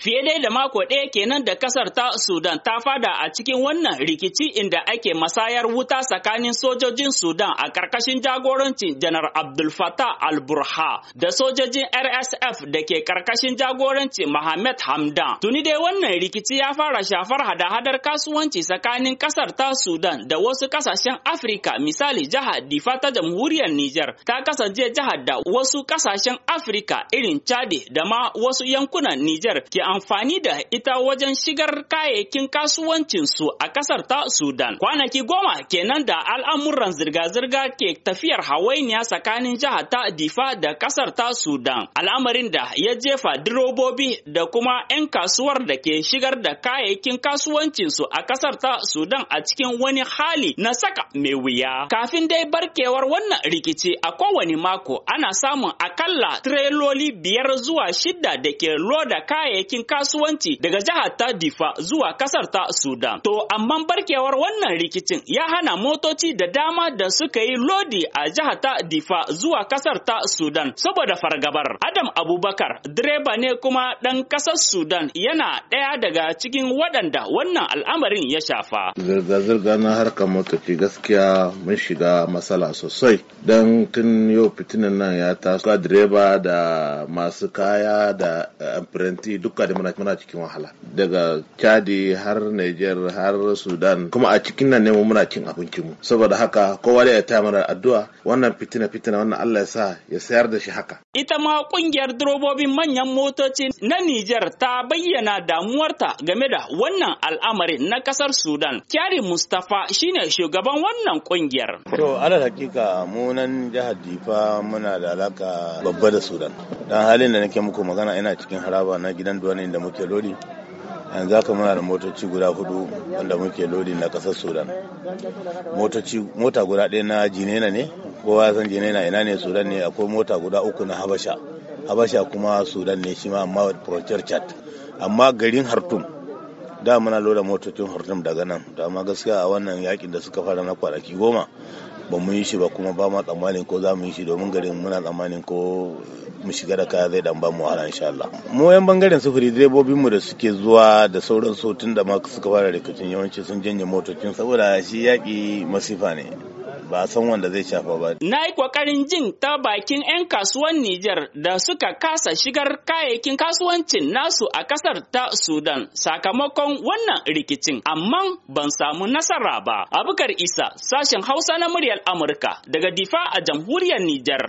Fiye dai da mako ɗaya kenan da kasar ta Sudan ta fada a cikin wannan rikici inda ake masayar wuta tsakanin sojojin Sudan a ƙarƙashin jagorancin Janar Abdul Fattah al-Burha da sojojin RSF da ke ƙarƙashin jagorancin Mohamed Hamdan. Tuni dai wannan rikici ya fara shafar hada-hadar kasuwanci tsakanin kasar ta Sudan da wasu kasashen Afirka misali jihar Difa ta jamhuriyar Nijar ta kasance jihar da wasu ƙasashen Afirka irin Chad da ma wasu yankunan Nijar ke amfani da ita wajen shigar kayayyakin kasuwancinsu a ƙasar ta Sudan. Kwanaki goma kenan da al'amuran zirga-zirga ke tafiyar hawainiya tsakanin jihar ta Difa da ƙasar ta Sudan. Al'amarin da ya jefa direbobi da kuma 'yan kasuwar da ke shigar da kayayyakin kasuwancinsu a ƙasar ta Sudan a cikin wani hali na saka mai wuya. Kafin dai barkewar wannan rikici a kowane mako ana samun a akalla tireloli biyar zuwa shidda da ke loda kayayyakin kasuwanci daga jihar ta Difa zuwa kasar ta Sudan. To amma barkewar wannan rikicin ya hana motoci da dama da suka yi lodi a jihar ta Difa zuwa kasar ta Sudan saboda fargabar. Adam Abubakar direba ne kuma ɗan kasar Sudan yana ɗaya daga cikin waɗanda wannan al'amarin ya shafa. Zirga-zirga na harkar motoci gaskiya mun shiga matsala sosai don tun yau fitinin nan ya taso direba da masu kaya da eh, apprentice duka da muna cikin wahala daga chadi har niger har sudan kuma a cikin nan ne muna cin abincin mu saboda haka kowa da ya ta mana addu'a wannan fitina fitina wannan Allah ya sa ya sayar da shi haka ita ma kungiyar durobobin manyan motoci na Niger ta bayyana damuwarta game da wannan al'amari na kasar Sudan Kyari Mustafa shine shugaban wannan kungiyar to ala hakika mu nan jihar Difa muna da alaka babba da sudan dan halin da nake muku magana ina cikin haraba na gidan duwani da muke lodi yanzu haka muna da motoci guda hudu wanda muke lodi na kasar sudan mota guda ɗaya na jinena ne kowa san jinena ina ne sudan ne akwai mota guda uku na habasha habasha kuma sudan ne shi ma amma procher chat amma garin hartum da muna loda motocin hartum daga nan da amma gaskiya a wannan yakin da suka fara na kwanaki goma ba mu yi shi ba kuma ba ma tsammanin ko za mu yi shi domin garin muna tsammanin ko mu shiga da kaya zai dan ba mu wahala insha Allah mu yan bangaren sufuri direbobin mu da suke zuwa da sauran su tun da ma suka fara rikicin yawanci sun janye motocin saboda shi yaki masifa ne ba san wanda zai shafa ba. Na yi ƙoƙarin jin ta bakin 'yan kasuwan Nijar da suka kasa shigar kayayyakin kasuwancin nasu a ƙasar ta Sudan sakamakon wannan rikicin, amma ban samu nasara ba. Abukar Isa, sashen Hausa na muryar Amurka daga Difa a jamhuriyar Nijar.